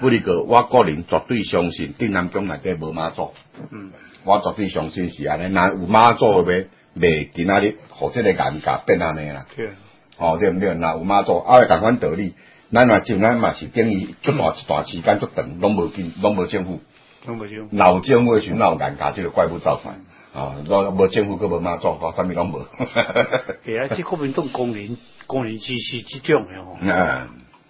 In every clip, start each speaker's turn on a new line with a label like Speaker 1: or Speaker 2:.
Speaker 1: 不哩個，嗯、我個人絕對相信，定南江內底無馬祖。
Speaker 2: 嗯。
Speaker 1: 我絕對相信是安尼，那有馬祖的你個袂袂見那啲好即個牙價變安尼啦。對。哦對毋對？那有馬祖，阿個同款道理。咱若像咱嘛是等於做偌一段時間，做長攏無見，攏無政府。攏無政府。鬧政府去鬧牙價，有這個怪不造反？哦、對 啊，我無政府佫無馬祖，啥物攏無。
Speaker 3: 其他啲嗰邊都工人，工人階級之將樣。嗯。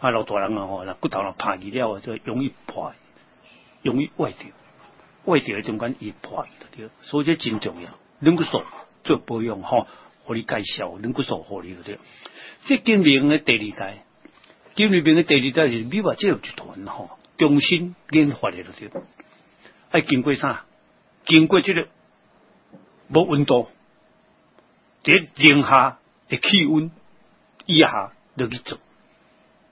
Speaker 3: 啊，老大人啊，吼，那骨頭啊怕去了，就容易破，容易壞掉，壞掉嘅仲緊易破，就啲，所以真重要。能夠說，做保養吼，我哋介紹能夠說，何嚟？嗰啲，最緊要嘅第二代，最緊要嘅第二代係咩話？即有一團嗬，中心煉化嘅嗰啲，係經過啥？經過即個，冇溫度，即、這、零、個、下的氣溫以下嚟去做。